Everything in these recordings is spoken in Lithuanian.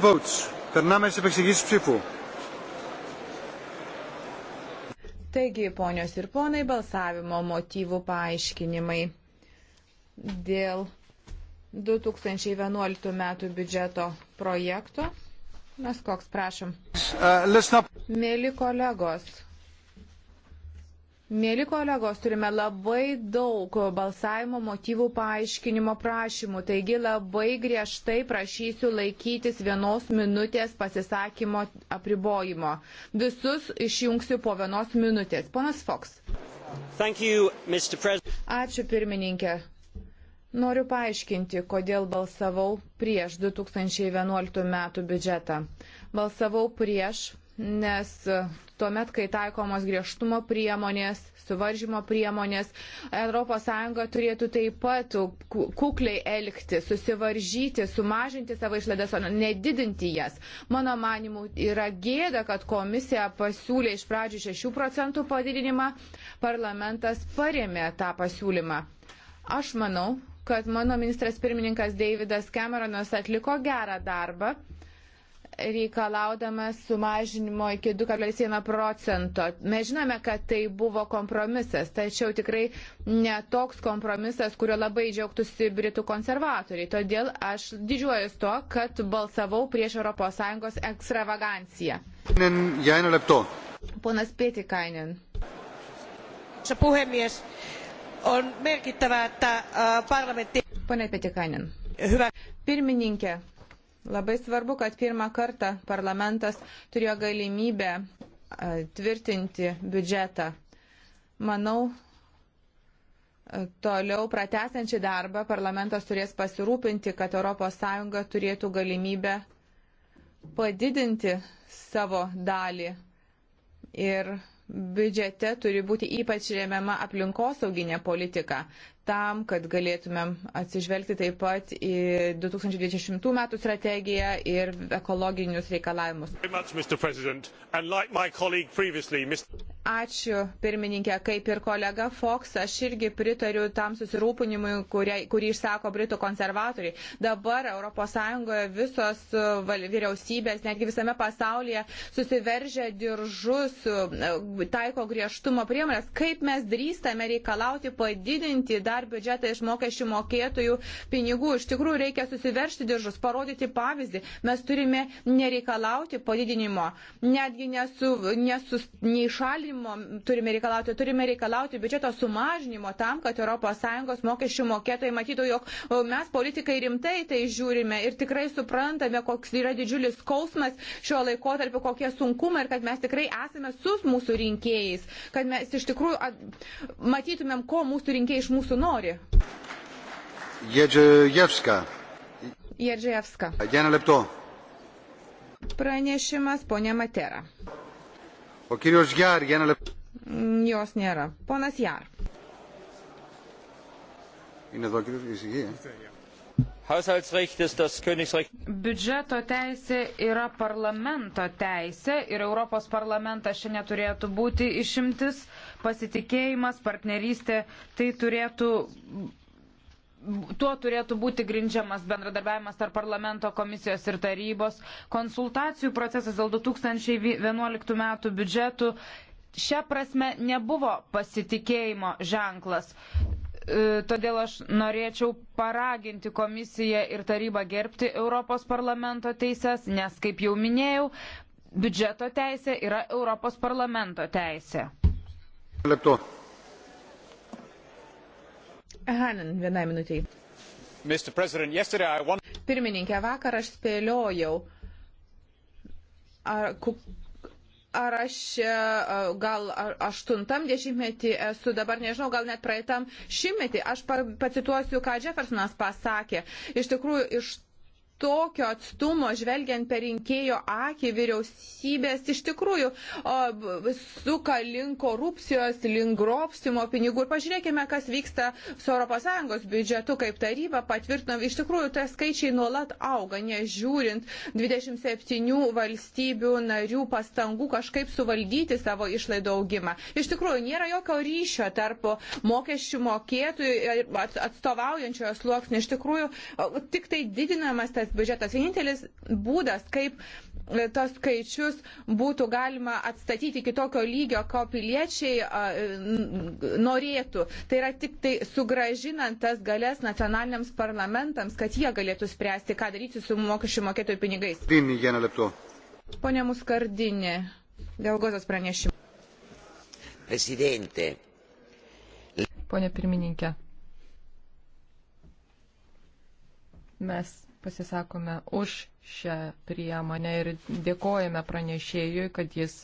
Votes. Περνάμε στις επεξηγήσεις ψήφου. Taigi, ponios ir ponai, balsavimo motyvų paaiškinimai dėl 2011 metų biudžeto projekto. Mes koks prašom. Uh, Mėly kolegos, Mėly kolegos, turime labai daug balsavimo motyvų paaiškinimo prašymų, taigi labai griežtai prašysiu laikytis vienos minutės pasisakymo apribojimo. Visus išjungsiu po vienos minutės. Ponas Fox. You, Ačiū pirmininkė. Noriu paaiškinti, kodėl balsavau prieš 2011 metų biudžetą. Balsavau prieš nes tuomet, kai taikomos griežtumo priemonės, suvaržymo priemonės, ES turėtų taip pat kukliai elgti, susivaržyti, sumažinti savo išlaidas, o nedidinti jas. Mano manimu, yra gėda, kad komisija pasiūlė iš pradžių 6 procentų padidinimą, parlamentas paremė tą pasiūlymą. Aš manau, kad mano ministras pirmininkas Davidas Cameronas atliko gerą darbą reikalaudamas sumažinimo iki 2,1 procento. Mes žinome, kad tai buvo kompromisas, tačiau tikrai netoks kompromisas, kurio labai džiaugtųsi Britų konservatoriai. Todėl aš didžiuojuosi to, kad balsavau prieš ES ekstravaganciją. Ponas Pietikainen. puhemies, on merkittävää, että parlamentti... Pone Pietikainen. Hyvä. Pirmininkė, Labai svarbu, kad pirmą kartą parlamentas turėjo galimybę tvirtinti biudžetą. Manau, toliau pratesiančią darbą parlamentas turės pasirūpinti, kad ES turėtų galimybę padidinti savo dalį. Ir biudžete turi būti ypač remiama aplinkosauginė politika tam, kad galėtumėm atsižvelgti taip pat į 2020 metų strategiją ir ekologinius reikalavimus. Ačiū, pirmininkė, kaip ir kolega Fox, aš irgi pritariu tam susirūpinimui, kurie, kurį išsako Britų konservatoriai. Dabar ES visos e, vyriausybės, netgi visame pasaulyje susiveržia diržus, e, taiko griežtumo priemonės. Kaip mes drįstame reikalauti padidinti dar dar biudžetą iš mokesčių mokėtojų pinigų. Iš tikrųjų reikia susiveršti diržus, parodyti pavyzdį. Mes turime nereikalauti padidinimo, netgi nesu, nesu, neišalinimo turime reikalauti, turime reikalauti biudžeto sumažinimo tam, kad ES mokesčių mokėtojai matytų, jog mes politikai rimtai tai žiūrime ir tikrai suprantame, koks yra didžiulis skausmas šio laikotarpio, kokie sunkumai ir kad mes tikrai esame su mūsų rinkėjais, kad mes iš tikrųjų matytumėm, ko mūsų rinkėjai iš mūsų nori nori. Jedžiajevska. Jedžiajevska. Vieną lepto. Pranešimas ponė Matera. O kirios Jar, vieną lepto. Jos nėra. Ponas Jar. Είναι εδώ κύριος Ισηγία. Biudžeto teisė yra parlamento teisė ir Europos parlamentas šiandien turėtų būti išimtis, pasitikėjimas, partnerystė, tai turėtų tuo turėtų būti grindžiamas bendradarbiavimas tarp parlamento komisijos ir tarybos, konsultacijų procesas dėl 2011 metų biudžetų. Šią prasme nebuvo pasitikėjimo ženklas. E, todėl aš norėčiau paraginti komisiją ir tarybą gerbti Europos parlamento teises, nes, kaip jau minėjau, biudžeto teisė yra Europos parlamento teisė. Lepto. Hanin, vienai minutiai. Want... Pirmininkė, vakar aš spėliojau, ar, ar aš e, gal aštuntam dešimtmetį esu, dabar nežinau, gal net praeitam šimtmetį. Aš pacituosiu, ką Jeffersonas pasakė. Iš tikrųjų, iš tokio atstumo, žvelgiant per rinkėjo akį, vyriausybės iš tikrųjų o, suka link korupcijos, link grobstimo pinigų. Ir pažiūrėkime, kas vyksta su ES biudžetu, kaip taryba patvirtino. Iš tikrųjų, tie skaičiai nuolat auga, nežiūrint 27 valstybių narių pastangų kažkaip suvaldyti savo išlaidų augimą. Iš tikrųjų, nėra jokio ryšio tarp mokesčių mokėtojų ir atstovaujančiojo sluoksnio. Iš tikrųjų, tik tai didinamas tas ES biudžetas. Vienintelis būdas, kaip e, tos skaičius būtų galima atstatyti iki tokio lygio, ko piliečiai norėtų, tai yra tik tai sugražinant tas galės nacionaliniams parlamentams, kad jie galėtų spręsti, ką daryti su mokesčių mokėtojų pinigais. Pone Muskardinė, dėl gozos pranešimų. Presidente. Pone pirmininkė. Mes pasisakome už šią priemonę ir dėkojame pranešėjui, kad jis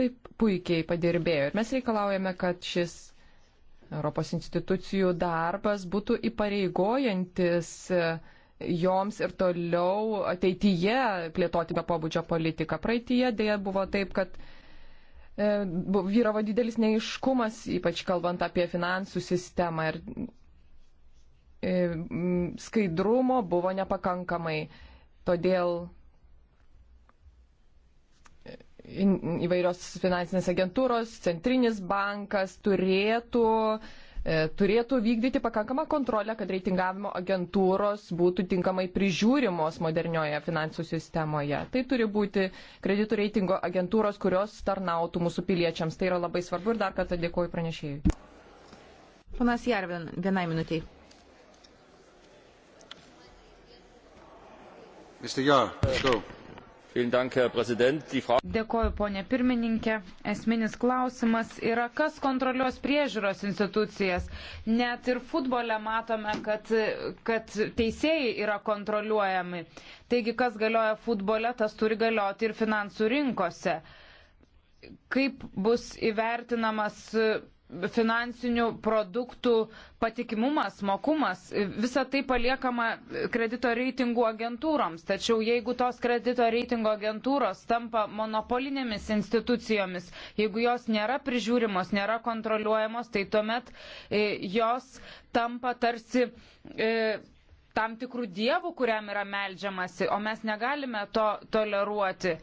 taip puikiai padirbėjo. Ir mes reikalaujame, kad šis Europos institucijų darbas būtų įpareigojantis joms ir toliau ateityje plėtoti be pobūdžio politiką. Praeitie dėja buvo taip, kad e, vyravo didelis neiškumas, ypač kalbant apie finansų sistemą. Ir E, skaidrumo buvo nepakankamai. Todėl e, įvairios finansinės agentūros, centrinis bankas turėtų, e, turėtų vykdyti pakankamą kontrolę, kad reitingavimo agentūros būtų tinkamai prižiūrimos modernioje finansų sistemoje. Tai turi būti kreditų reitingo agentūros, kurios tarnautų mūsų piliečiams. Tai yra labai svarbu ir dar kartą dėkuoju pranešėjui. Ponas Jarvin, vienai minutiai. Dėkoju, ponė pirmininkė. Esminis klausimas yra, kas kontroliuos priežiūros institucijas. Net ir futbole matome, kad, kad teisėjai yra kontroliuojami. Taigi, kas galioja futbole, tas turi galioti ir finansų rinkose. Kaip bus įvertinamas finansinių produktų patikimumas, mokumas, visa tai paliekama kredito reitingų agentūroms. Tačiau jeigu tos kredito reitingo agentūros tampa monopolinėmis institucijomis, jeigu jos nėra prižiūrimos, nėra kontroliuojamos, tai tuomet e, jos tampa tarsi e, tam tikrų dievų, kuriam yra melžiamasi, o mes negalime to toleruoti.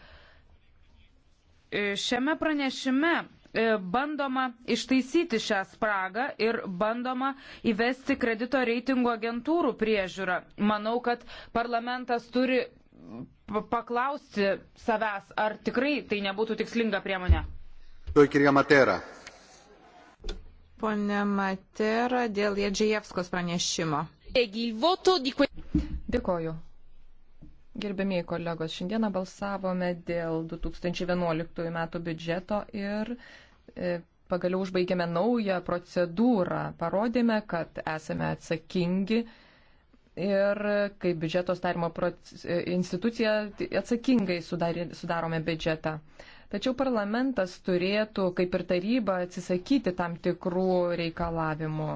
E, šiame pranešime E, bandoma ištaisyti šią spragą ir bandoma įvesti kredito reitingo agentūrų priežiūrą. Manau, kad parlamentas turi paklausti savęs, ar tikrai tai nebūtų tikslinga priemonė. Pone Matera, dėl Jedžiajevskos pranešimo. Dėkoju. Gerbėmiai kolegos, šiandieną balsavome dėl 2011 metų biudžeto ir e, pagaliau užbaigėme naują procedūrą, parodėme, kad esame atsakingi ir kaip biudžeto starimo e, institucija atsakingai sudarė, sudarome biudžetą. Tačiau parlamentas turėtų, kaip ir taryba, atsisakyti tam tikrų reikalavimų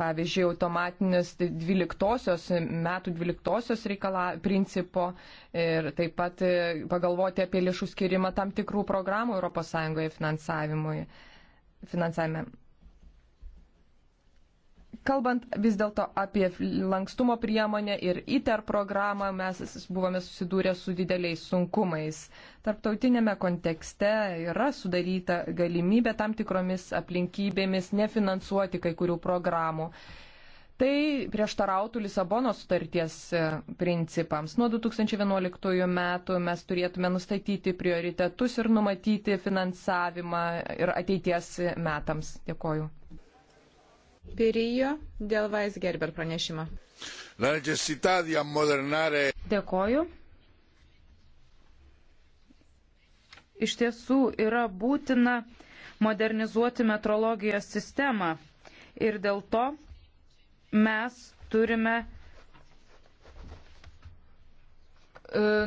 pavyzdžiui, automatinis 12-osios, metų 12-osios reikala, principo ir taip pat e, pagalvoti apie lėšų skirimą tam tikrų programų ES finansavimui. Finansavime. Kalbant vis dėlto apie lankstumo priemonę ir ITER programą, mes buvome susidūrę su dideliais sunkumais. Tarptautinėme kontekste yra sudaryta galimybė tam tikromis aplinkybėmis nefinansuoti kai kurių programų. Tai prieštarautų Lisabono sutarties e, principams. Nuo 2011 metų mes turėtume nustatyti prioritetus ir numatyti finansavimą ir ateities metams. Dėkoju. Pirijo dėl Weisgerber pranešimo. Dėkoju. Iš tiesų yra būtina modernizuoti metrologijos sistemą ir dėl to mes turime e,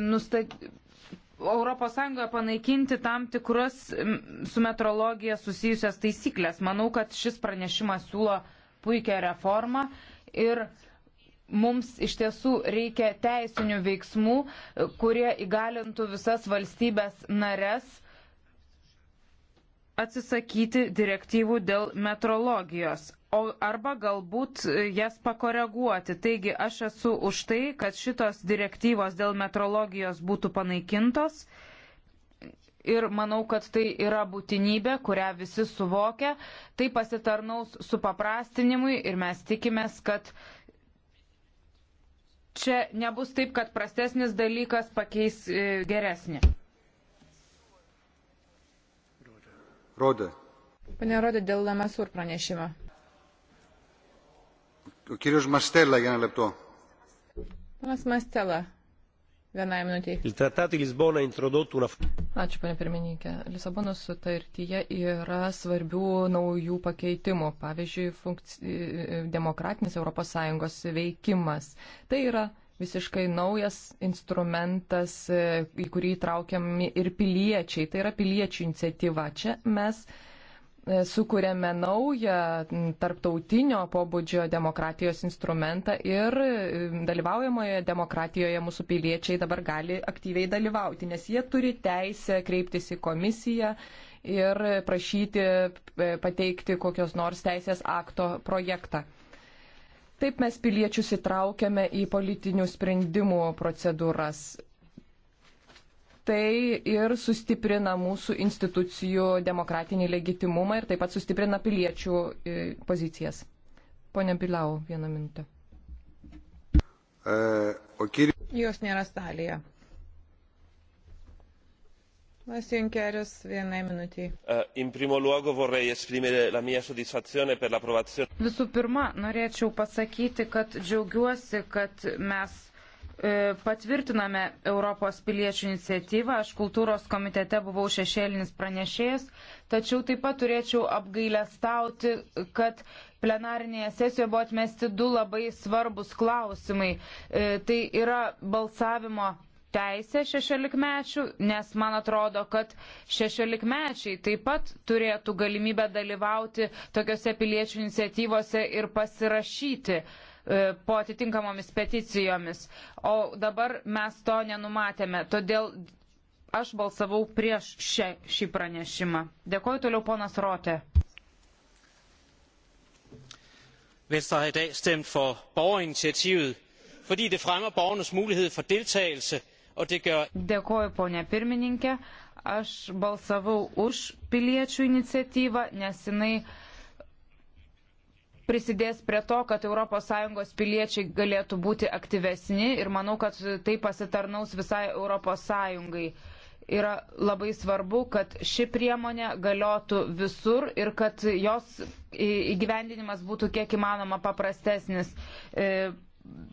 nustatyti Europos Sąjungoje panaikinti tam tikrus su metrologija susijusias taisyklės. Manau, kad šis pranešimas siūlo puikią reformą ir mums iš tiesų reikia teisinių veiksmų, kurie įgalintų visas valstybės nares atsisakyti direktyvų dėl metrologijos arba galbūt e, jas pakoreguoti. Taigi aš esu už tai, kad šitos direktyvos dėl metrologijos būtų panaikintos. Ir manau, kad tai yra būtinybė, kurią visi suvokia. Tai pasitarnaus su paprastinimui ir mes tikimės, kad čia nebus taip, kad prastesnis dalykas pakeis e, geresnį. Rodė. Pane Rodė, dėl Lamasur pranešimo. Kyrius Mastela, vieną lepto. Panas Mastela, vienai minutiai. Ačiū, pane pirmininkė. Lisabonos sutartyje yra svarbių naujų pakeitimų, pavyzdžiui, funkci... demokratinis ES veikimas. Tai yra visiškai naujas instrumentas, e, į kurį įtraukiami ir piliečiai. Tai yra piliečių iniciatyva. Čia mes e, sukūrėme naują tarptautinio pobūdžio demokratijos instrumentą ir e, dalyvaujamoje demokratijoje mūsų piliečiai dabar gali aktyviai dalyvauti, nes jie turi teisę kreiptis į komisiją ir prašyti pateikti kokios nors teisės akto projektą. Taip mes piliečius įtraukiame į politinių sprendimų procedūras. Tai ir sustiprina mūsų institucijų demokratinį legitimumą ir taip pat sustiprina piliečių e, pozicijas. Pone Pilau, vieną minutę. E, Jos nėra stalėje. Eh, in primo luogo vorrei esprimere la mia soddisfazione per l'approvazione. visų pirma norėčiau pasakyti kad džiaugiuosi kad mes e, patvirtiname europos piliečių iniciatyvą aš kultūros komitete buvau šešėlinis pranešėjas tačiau taip pat turėčiau apgailestauti kad plenarinėje sesijoje buvo atmesti du labai svarbus klausimai e, tai yra balsavimo teisę šešiolikmečių, nes man atrodo, kad šešiolikmečiai taip pat turėtų galimybę dalyvauti tokiuose piliečių iniciatyvose ir pasirašyti e, po atitinkamomis peticijomis. O dabar mes to nenumatėme. Todėl aš balsavau prieš šią, šį pranešimą. Dėkuoju toliau ponas Rote. Venstre har i dag stemt for borgerinitiativet, fordi det fremmer borgernes mulighed for deltagelse E, Dėkoju, ponė pirmininkė. Aš balsavau už piliečių iniciatyvą, nes jinai prisidės prie to, kad ES piliečiai galėtų būti aktyvesni ir manau, kad tai pasitarnaus visai ES. Yra labai svarbu, kad ši priemonė galiotų visur ir kad jos įgyvendinimas būtų kiek įmanoma paprastesnis. E,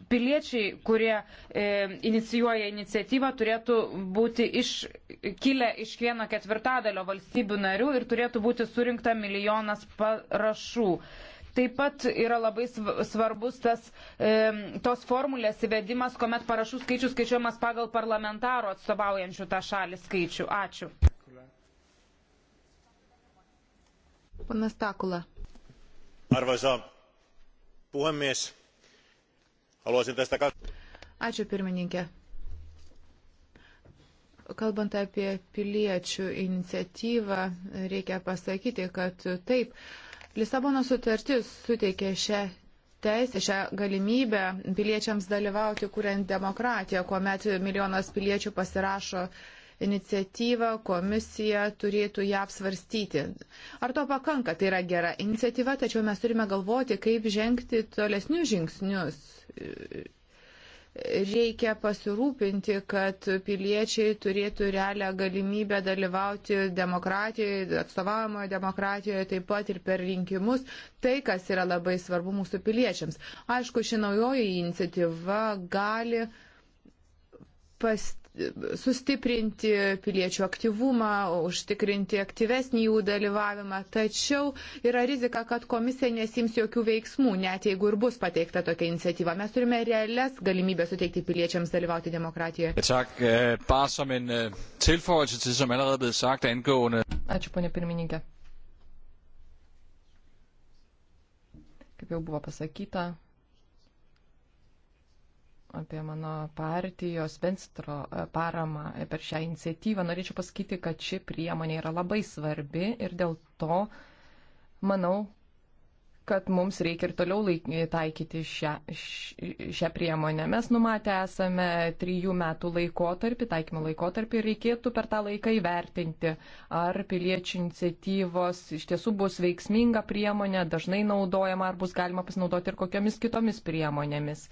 piliečiai, kurie e, inicijuoja iniciatyvą, turėtų būti iš, kilę iš vieno ketvirtadalio valstybių narių ir turėtų būti surinkta milijonas parašų. Taip pat yra labai svarbus tas, e, tos formulės įvedimas, kuomet parašų skaičius skaičiuojamas pagal parlamentaro atstovaujančių tą šalį skaičių. Ačiū. Panas Takula. Arvoisa puhemies, Haluaisin tästä Ačiū pirmininkė. Kalbant apie piliečių iniciatyvą, reikia pasakyti, kad taip, Lisabono sutartis suteikė šią teisę, šią galimybę piliečiams dalyvauti, kuriant demokratiją, kuomet milijonas piliečių pasirašo iniciatyvą, komisija turėtų ją apsvarstyti. Ar to pakanka? Tai yra gera iniciatyva, tačiau mes turime galvoti, kaip žengti tolesnius žingsnius reikia pasirūpinti, kad piliečiai turėtų realią galimybę dalyvauti demokratijoje, atstovavimoje demokratijoje, taip pat ir per rinkimus. Tai, kas yra labai svarbu mūsų piliečiams. Aišku, ši naujoji iniciatyva gali pastiprinti sustiprinti piliečių aktyvumą, užtikrinti aktyvesnį jų dalyvavimą, tačiau yra rizika, kad komisija nesims jokių veiksmų, net jeigu ir bus pateikta tokia iniciatyva. Mes turime realias galimybės suteikti piliečiams dalyvauti demokratijoje. Eh, eh, er Ačiū, ponė pirmininkė. Kaip jau buvo pasakyta, apie mano partijos Venstro e, paramą per šią iniciatyvą. Norėčiau pasakyti, kad ši priemonė yra labai svarbi ir dėl to manau, kad mums reikia ir toliau laik, taikyti šią, šią priemonę. Mes numatę esame trijų metų laikotarpį, taikymo laikotarpį ir reikėtų per tą laiką įvertinti, ar piliečių iniciatyvos iš tiesų bus veiksminga priemonė, dažnai naudojama, ar bus galima pasinaudoti ir kokiomis kitomis priemonėmis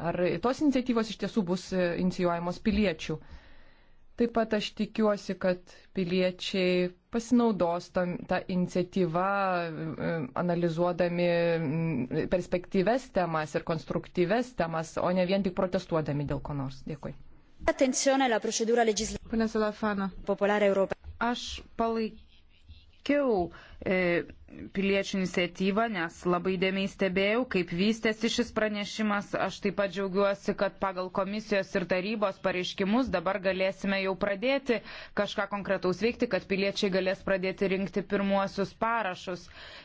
ar tos iniciatyvos iš tiesų bus e, inicijuojamos piliečių. Taip pat aš tikiuosi, kad piliečiai pasinaudos tam, tą iniciatyvą, e, analizuodami perspektyves temas ir konstruktyves temas, o ne vien tik protestuodami dėl ko nors. Dėkui. Aš palaikiau E, piliečių iniciatyvą, nes labai dėmiai stebėjau, kaip vystėsi šis pranešimas. Aš taip pat džiaugiuosi, kad pagal komisijos ir tarybos pareiškimus dabar galėsime jau pradėti kažką konkretaus veikti, kad piliečiai galės pradėti rinkti pirmuosius parašus,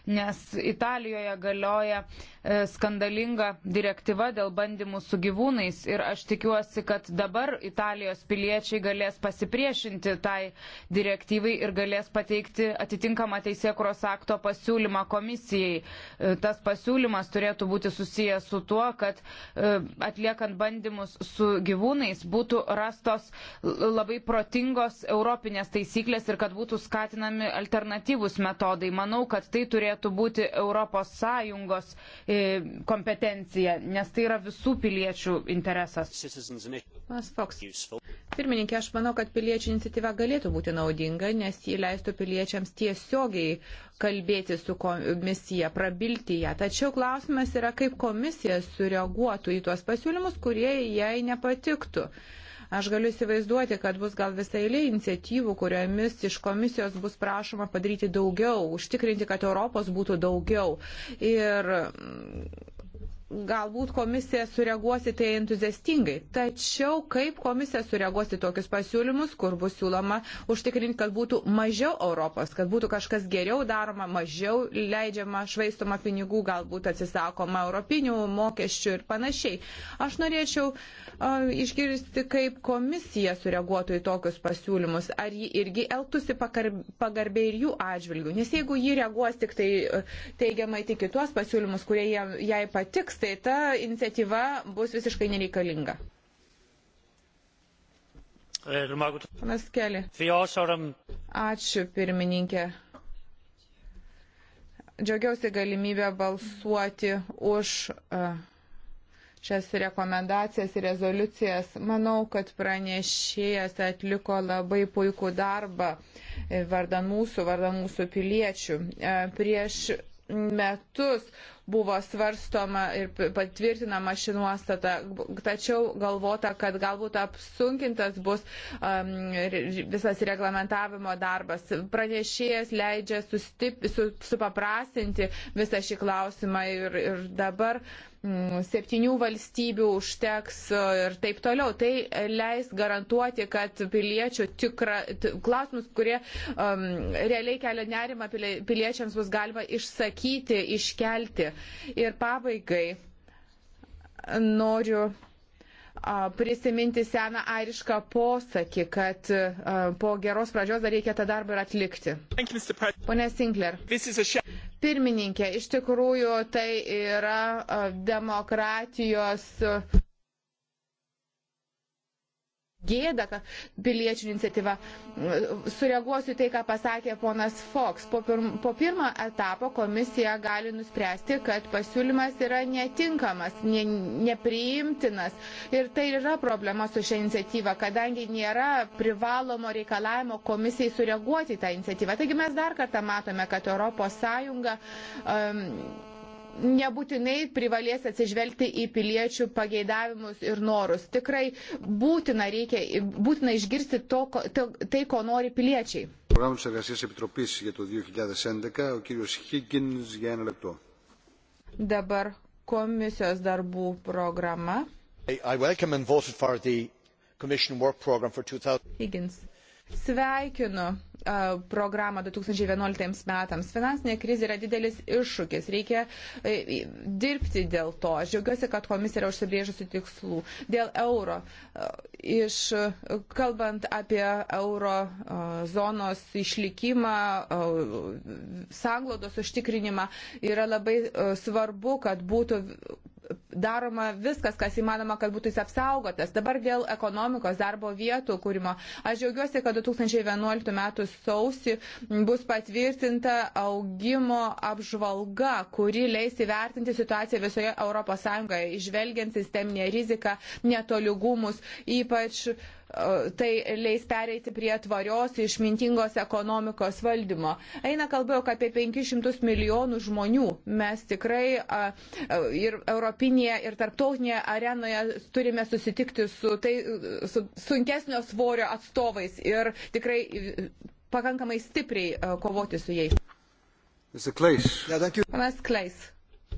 nes Italijoje galioja e, skandalinga direktyva dėl bandymų su gyvūnais ir aš tikiuosi, kad dabar Italijos piliečiai galės pasipriešinti tai direktyvai ir galės pateikti atitinkamą teisėko teisėkuros akto pasiūlymą komisijai. E, tas pasiūlymas turėtų būti susijęs su tuo, kad e, atliekant bandymus su gyvūnais būtų rastos labai protingos europinės taisyklės ir kad būtų skatinami alternatyvus metodai. Manau, kad tai turėtų būti ES e, kompetencija, nes tai yra visų piliečių interesas. Pirmininkė, aš manau, kad piliečių iniciatyva galėtų būti naudinga, nes jį leistų piliečiams tiesiogiai kalbėti su komisija, prabilti ją. Tačiau klausimas yra, kaip komisija sureaguotų į tuos pasiūlymus, kurie jai nepatiktų. Aš galiu įsivaizduoti, kad bus gal visai eilė iniciatyvų, kuriomis iš komisijos bus prašoma padaryti daugiau, užtikrinti, kad Europos būtų daugiau. Ir galbūt komisija sureaguos į tai entuziastingai. Tačiau kaip komisija sureaguos į tokius pasiūlymus, kur bus siūloma užtikrinti, kad būtų mažiau Europos, kad būtų kažkas geriau daroma, mažiau leidžiama, švaistoma pinigų, galbūt atsisakoma europinių mokesčių ir panašiai. Aš norėčiau uh, išgirsti, kaip komisija sureaguotų į tokius pasiūlymus, ar ji irgi elgtųsi pagarbiai ir jų atžvilgių. Nes jeigu ji reaguos tik tai teigiamai tik į tuos pasiūlymus, kurie jai patiks, tai ta iniciatyva bus visiškai nereikalinga. Panas Keli. Ačiū pirmininkė. Džiaugiausi galimybę balsuoti už e, šias rekomendacijas ir rezoliucijas. Manau, kad pranešėjas atliko labai puikų darbą e, vardan mūsų, vardan mūsų piliečių. E, prieš metus buvo svarstoma ir patvirtinama ši nuostata, tačiau galvota, kad galbūt apsunkintas bus um, visas reglamentavimo darbas. Pranešėjas leidžia sustip, su, supaprastinti visą šį klausimą ir, ir dabar uh, Mm, septynių valstybių užteks e, ir taip toliau. Tai leis garantuoti, kad piliečių tikra, klausimus, kurie um, realiai kelia nerimą piliečiams bus galima išsakyti, iškelti. Ir pabaigai noriu prisiminti seną airišką posakį, kad po geros pradžios dar reikia tą darbą ir atlikti. Pone Sinkler. Pirmininkė, iš tikrųjų tai yra demokratijos gėda piliečių iniciatyva. Sureaguosiu tai, ką pasakė ponas Fox. Po, pirm, po pirmo etapo komisija gali nuspręsti, kad pasiūlymas yra netinkamas, ne, nepriimtinas. Ir tai yra problema su šia iniciatyva, kadangi nėra privalomo reikalavimo komisijai sureaguoti tą iniciatyvą. Taigi mes dar kartą matome, kad ES um, nebūtinai privalės atsižvelgti į piliečių pageidavimus ir norus. Tikrai būtina, reikia, būtina išgirsti to, to, tai, ko nori piliečiai. Πρόγραμμα της Εργασίας Επιτροπής για το 2011, ο κύριος Higgins για ένα λεπτό. Dabar komisijos darbų programa. I welcome and voted for the Commission work program for 2000. Higgins. Sveikinu programą 2011 metams. Finansinė krizė yra didelis iššūkis, reikia e, dirbti dėl to. Aš džiaugiuosi, kad komisija yra užsibrėžusi tikslų. Dėl euro, iš, kalbant apie euro zonos išlikimą, sanglodos užtikrinimą, yra labai svarbu, kad būtų daroma viskas, kas įmanoma, kad būtų jis apsaugotas. Dabar dėl ekonomikos darbo vietų kūrimo. Aš džiaugiuosi, kad 2011 m. sausį bus patvirtinta augimo apžvalga, kuri leis įvertinti situaciją visoje ES, išvelgiant sisteminę riziką, netoligumus, ypač uh, tai leis pereiti prie tvarios, išmintingos ekonomikos valdymo. Eina kalbėjau apie 500 milijonų žmonių. Mes tikrai ir europinėje, ir tarptautinėje arenoje turime susitikti su, tai, su sunkesnio svorio atstovais ir tikrai pakankamai stipriai kovoti su jais. Panas Kleis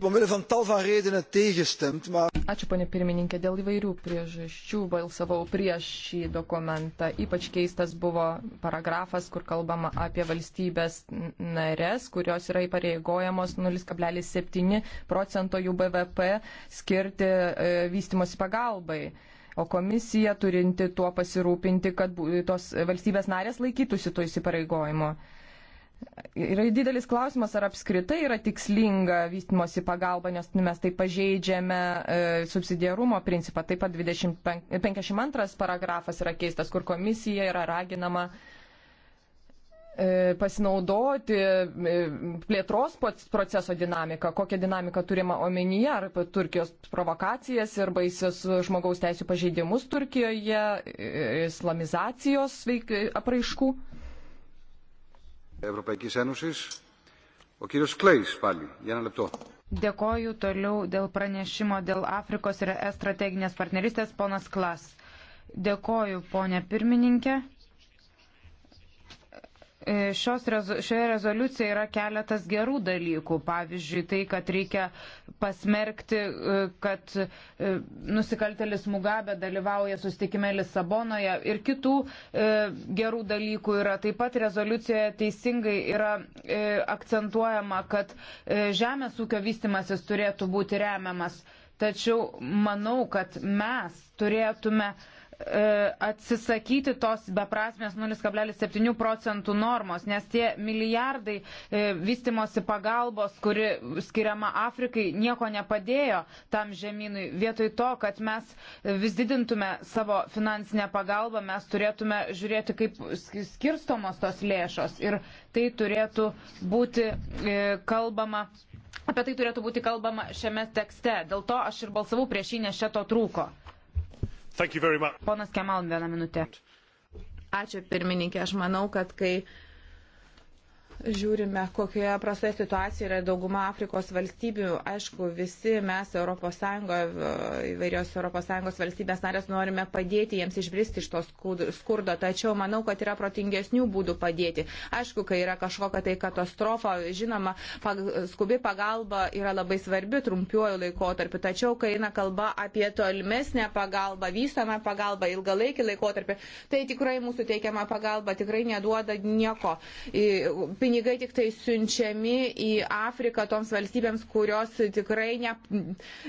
omwille van tal van redenen tegenstemt. Maar... Ačiū, ponė pirmininkė, dėl įvairių priežasčių balsavau prieš šį dokumentą. Ypač keistas buvo paragrafas, kur kalbama apie valstybės narės, kurios yra įpareigojamos 0,7 procento jų BVP skirti e, vystimosi pagalbai. O komisija turinti tuo pasirūpinti, kad tos valstybės narės laikytųsi to įsipareigojimo. Yra didelis klausimas, ar apskritai yra tikslinga vystimosi pagalba, nes mes tai pažeidžiame e, subsidiarumo principą. Taip pat 25, 52 paragrafas yra keistas, kur komisija yra raginama e, pasinaudoti e, plėtros proceso dinamiką, kokią dinamiką turima omenyje, ar Turkijos provokacijas ir baisius žmogaus teisų pažeidimus Turkijoje, e, islamizacijos apraiškų. Europos Sąjungos. O kyrius Klais pali, vieną lepto. Dėkoju toliau dėl pranešimo dėl Afrikos ir e strateginės partnerystės, ponas Klas. Dėkoju, ponė pirmininkė. E, šios, šioje rezoliucijoje yra keletas gerų dalykų. Pavyzdžiui, tai, kad reikia pasmerkti, e, kad e, nusikaltelis Mugabe dalyvauja sustikime Lisabonoje ir kitų gerų dalykų yra. Taip pat rezoliucijoje teisingai yra akcentuojama, kad žemės ūkio vystimasis turėtų būti remiamas. Tačiau manau, kad mes turėtume uh, E, atsisakyti tos beprasmės 0,7 procentų normos, nes tie milijardai e, vystimosi pagalbos, kuri skiriama Afrikai, nieko nepadėjo tam žemynui. Vietoj to, kad mes vis didintume savo finansinę pagalbą, mes turėtume žiūrėti, kaip skirstomos tos lėšos ir tai turėtų būti e, kalbama. Apie tai turėtų būti kalbama šiame tekste. Dėl to aš ir balsavau prieš jį, nes šito trūko. Ponas Kemal, vieną minutę. Ačiū pirmininkė, aš manau, kad kai žiūrime, kokioje prastoje situacijoje yra dauguma Afrikos valstybių. Aišku, visi mes ES, įvairios ES valstybės narės norime padėti jiems išbristi iš to skurdo, tačiau manau, kad yra protingesnių būdų padėti. Aišku, kai yra kažkokia tai katastrofa, žinoma, pag, skubi pagalba yra labai svarbi trumpiuoju laikotarpiu, tačiau kai eina kalba apie tolimesnę pagalbą, vystamą pagalbą, ilgalaikį laikotarpį, tai tikrai mūsų teikiama pagalba tikrai neduoda nieko pinigai tik tai siunčiami į Afriką toms valstybėms, kurios tikrai ne,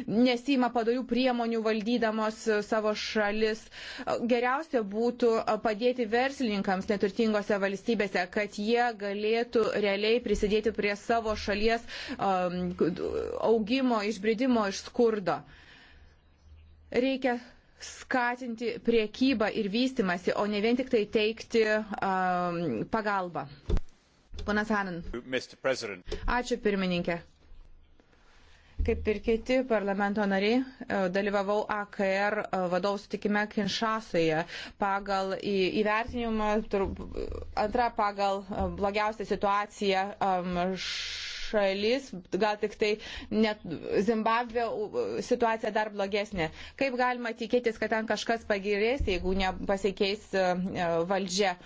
nesima padarių priemonių valdydamos savo šalis. Geriausia būtų padėti verslininkams neturtingose valstybėse, kad jie galėtų realiai prisidėti prie savo šalies um, augimo, išbridimo iš skurdo. Reikia skatinti priekybą ir vystimasi, o ne vien tik tai teikti um, pagalbą. Ponas Hanan. Ačiū pirmininkė. Kaip ir kiti parlamento nariai, e, dalyvavau AKR e, vadovų sutikime Kinšasoje pagal įvertinimą, antra pagal e, blogiausią situaciją šalis, gal tik tai net Zimbabvė situacija dar blogesnė. Kaip galima tikėtis, kad ten kažkas pagirės, jeigu nepasikeis valdžia?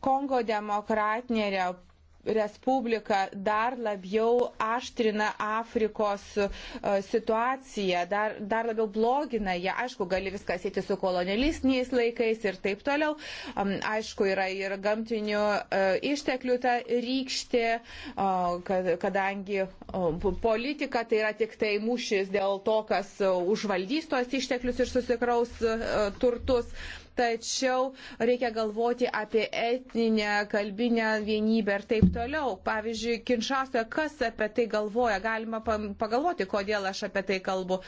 Kongo demokratinė republika Respublika dar labiau aštrina Afrikos e, situaciją, dar, dar labiau blogina ją. Aišku, gali viskas sėti su kolonialistiniais laikais ir taip toliau. Aišku, yra ir gamtinių e, išteklių ta rykštė, kadangi politika tai yra tik tai mūšis dėl to, kas e, užvaldys tos išteklius ir susikraus turtus tačiau reikia galvoti apie etninę, kalbinę vienybę ir taip toliau. Pavyzdžiui, Kinšasoje kas apie tai galvoja, galima pagalvoti, kodėl aš apie tai kalbu.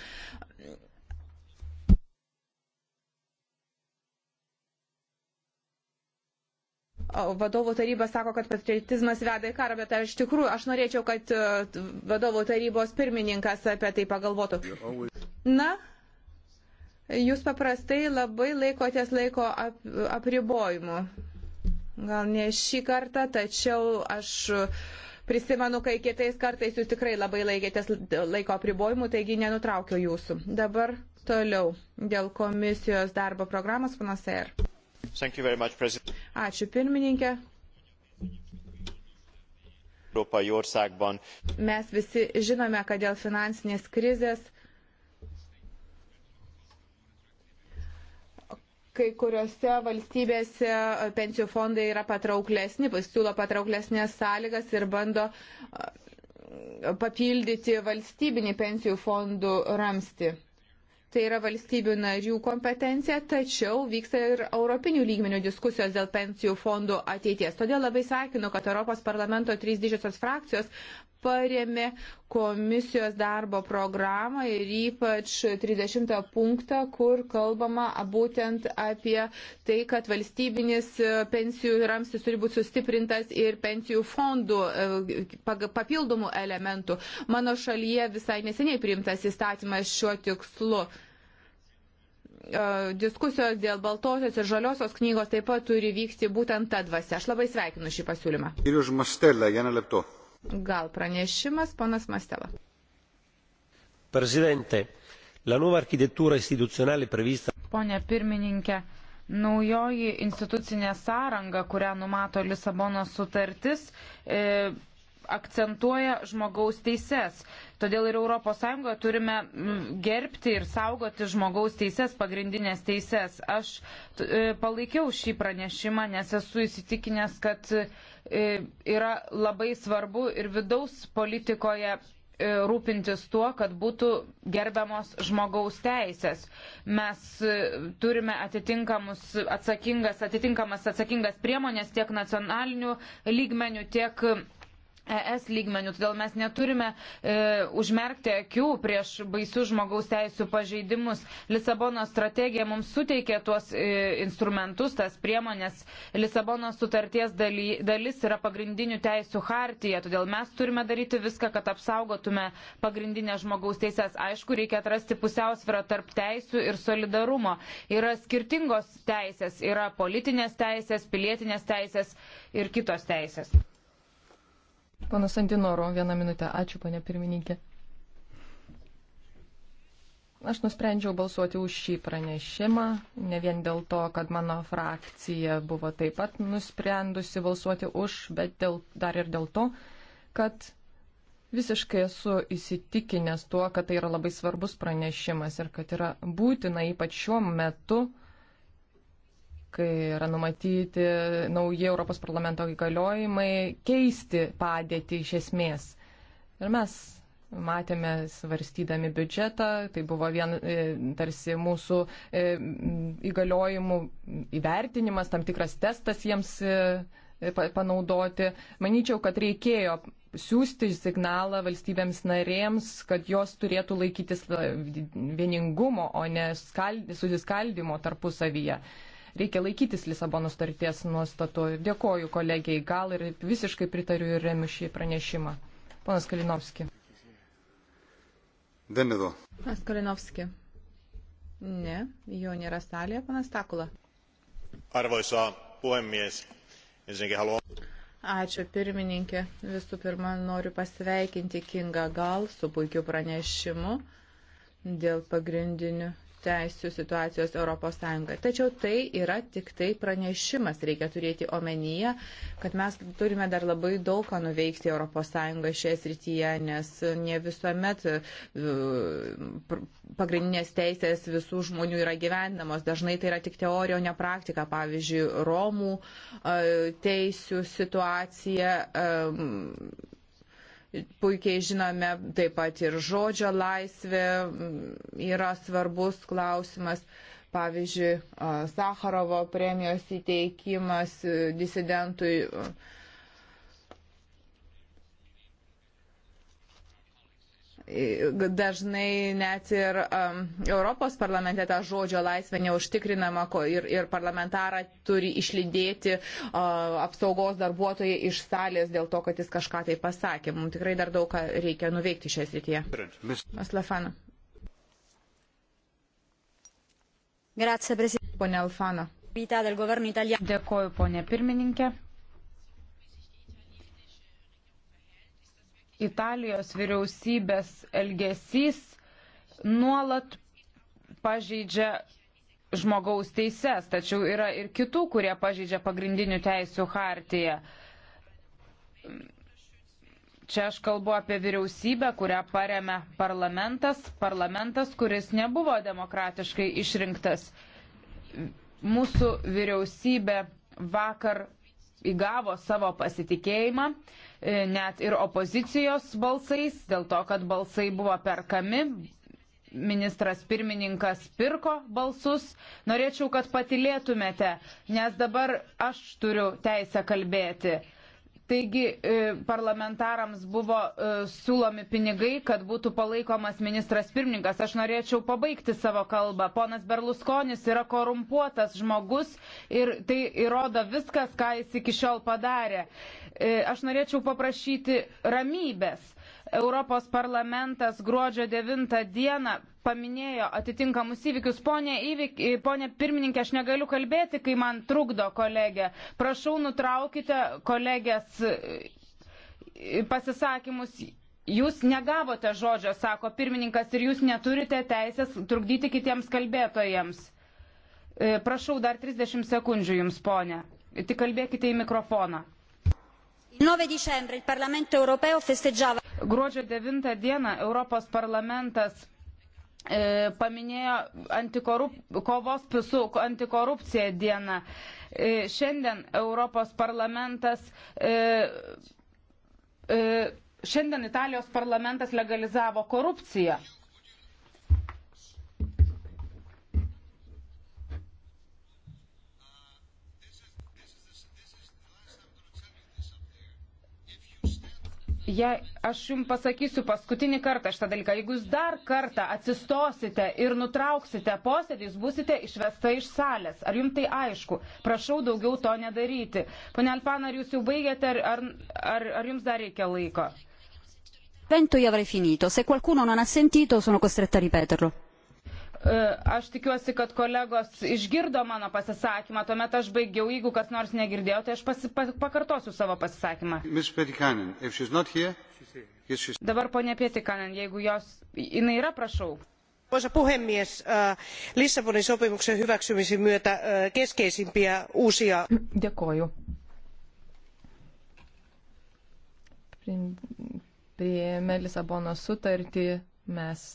vadovų taryba sako, kad patriotizmas veda į karą, bet aš tikrųjų, aš norėčiau, kad e, vadovų tarybos pirmininkas apie tai pagalvotų. Na, Jūs paprastai labai laikotės laiko ap, apribojimu. Gal ne šį kartą, tačiau aš prisimenu, kai kitais kartais jūs tikrai labai laikėtės laiko apribojimu, taigi nenutraukiau jūsų. Dabar toliau dėl komisijos darbo programos, panas ER. Ačiū pirmininkė európai országban. Mes visi žinome, kad dėl finansinės krizės kai kuriuose valstybėse e, pensijų fondai yra patrauklesni, pasiūlo patrauklesnės sąlygas ir bando e, papildyti valstybinį pensijų fondų ramsti. Tai yra valstybių narių kompetencija, tačiau vyksta ir europinių lygmenių diskusijos dėl pensijų fondų ateities. Todėl labai sveikinu, kad Europos parlamento trys didžiosios frakcijos paremė komisijos darbo programą ir ypač 30 punktą, kur kalbama būtent apie tai, kad valstybinis pensijų ramstis turi būti sustiprintas ir pensijų fondų e, papildomų elementų. Mano šalyje visai neseniai priimtas įstatymas šiuo tikslu e, diskusijos dėl baltosios ir žaliosios knygos taip pat turi vykti būtent ta dvasia. Aš labai sveikinu šį pasiūlymą. Ir už mastelę, vieną lepto. Gal pranešimas, ponas Mastela. Prezidente, la nuova architettūra istituzionale prevista. Pone pirmininkė, naujoji institucinė sąranga, kurią numato Lisabono sutartis, e, akcentuoja žmogaus teises. Todėl ir ES turime mm, gerbti ir saugoti žmogaus teises, pagrindinės teises. Aš e, palaikiau šį pranešimą, nes esu įsitikinęs, kad e, yra labai svarbu ir vidaus politikoje e, rūpintis tuo, kad būtų gerbiamos žmogaus teisės. Mes turime atitinkamus atsakingas, atitinkamas atsakingas priemonės tiek nacionalinių lygmenių, tiek ES lygmenių, todėl mes neturime e, užmerkti akių prieš baisius žmogaus teisų pažeidimus. Lisabono strategija mums suteikė tuos e, instrumentus, tas priemonės. Lisabono sutarties daly, dalis yra pagrindinių teisų hartija, todėl mes turime daryti viską, kad apsaugotume pagrindinę žmogaus teisės. Aišku, reikia atrasti pusiausvyrą tarp teisų ir solidarumo. Yra skirtingos teisės, yra politinės teisės, pilietinės teisės ir kitos teisės. Panas Antinoro, vieną minutę. Ačiū, ponė pirmininkė. Aš nusprendžiau balsuoti už šį pranešimą, ne vien dėl to, kad mano frakcija buvo taip pat nusprendusi balsuoti už, bet dėl, dar ir dėl to, kad visiškai esu įsitikinęs tuo, kad tai yra labai svarbus pranešimas ir kad yra būtina ypač šiuo metu kai yra numatyti nauji Europos parlamento įgaliojimai, keisti padėtį iš esmės. Ir mes matėme svarstydami biudžetą, tai buvo vien e, tarsi mūsų e, įgaliojimų įvertinimas, tam tikras testas jiems e, panaudoti. Manyčiau, kad reikėjo siūsti signalą valstybėms narėms, kad jos turėtų laikytis vieningumo, o ne susiskaldimo tarpusavyje reikia laikytis Lisabono starties nuostatų. Dėkoju kolegijai gal ir visiškai pritariu ir remiu šį pranešimą. Ponas Kalinovski. Denido. Ponas Kalinovski. Ne, jo nėra salėje, panas Takula. Arvoisa puhemies, ensinnäkin haluan... Ačiū pirmininkė. Visų pirma, noriu pasveikinti Kingą Gal su puikiu pranešimu dėl pagrindinių teisų situacijos ES. Tačiau tai yra tik tai pranešimas. Reikia turėti omenyje, kad mes turime dar labai daug ką nuveikti ES šioje srityje, nes ne visuomet e, pagrindinės teisės visų žmonių yra gyvendamos. Dažnai tai yra tik teorija, o ne praktika. Pavyzdžiui, Romų e, teisų situacija e, puikiai žinome, taip pat ir žodžio laisvė mm, yra svarbus klausimas. Pavyzdžiui, Sakarovo premijos įteikimas e, disidentui dažnai net ir um, Europos parlamente ta žodžio laisvė neužtikrinama ir, ir parlamentarą turi išlydėti uh, apsaugos darbuotojai iš salės dėl to, kad jis kažką tai pasakė. Mums tikrai dar daug ką reikia nuveikti šią srityje. Aslafana. Grazie, Pone Alfano. Dėkoju, ponė pirmininkė. Italijos vyriausybės elgesys nuolat pažeidžia žmogaus teises, tačiau yra ir kitų, kurie pažeidžia pagrindinių teisų hartiją. Čia aš kalbu apie vyriausybę, kurią paremia parlamentas, parlamentas, kuris nebuvo demokratiškai išrinktas. Mūsų vyriausybė vakar įgavo savo pasitikėjimą, E, net ir opozicijos balsais, dėl to, kad balsai buvo perkami, ministras pirmininkas pirko balsus. Norėčiau, kad patilėtumėte, nes dabar aš turiu teisę kalbėti. Taigi e, parlamentarams buvo e, siūlomi pinigai, kad būtų palaikomas ministras pirmininkas. Aš norėčiau pabaigti savo kalbą. Ponas Berluskonis yra korumpuotas žmogus ir tai įrodo viskas, ką jis iki šiol padarė. E, aš norėčiau paprašyti ramybės Europos parlamentas gruodžio 9 dieną paminėjo atitinkamus įvykius. Pone, įvyk, pone pirmininkė, aš negaliu kalbėti, kai man trukdo kolegė. Prašau, nutraukite kolegės e, pasisakymus. Jūs negavote žodžio, sako pirmininkas, ir jūs neturite teisės trukdyti kitiems kalbėtojams. E, prašau, dar 30 sekundžių jums, ponė. Tik kalbėkite į mikrofoną. 9 dicembre il Parlamento europeo festeggiava Gruodžio 9 dieną Europos parlamentas e, paminėjo antikorup, kovos su antikorupcija dieną. E, šiandien Europos parlamentas. E, e, Šiandien Italijos parlamentas legalizavo korupciją. Ja, aš jums pasakysiu paskutinį kartą šitą dalyką. Jeigu jūs dar kartą atsistosite ir nutrauksite posėdį, jūs būsite išvesta iš salės. Ar jums tai aišku? Prašau daugiau to nedaryti. Pane Alfan, ar jūs jau baigėte, ar, ar, ar jums dar reikia laiko? Vento io avrei finito. Se qualcuno non ha sentito, sono costretta a ripeterlo. E, aš tikiuosi, kad kolegos išgirdo mano pasisakymą, tuomet aš baigiau, jeigu kas nors negirdėjo, tai aš pasi, pa, pakartosiu savo pasisakymą. Here, yes, she's... Dabar ponė Pietikanen, jeigu jos, jinai yra, prašau. Arvoisa puhemies, e, Lissabonin sopimuksen hyväksymisen myötä e, keskeisimpiä uusia... Dėkoju. Priėmė Lisabono sutartį, mes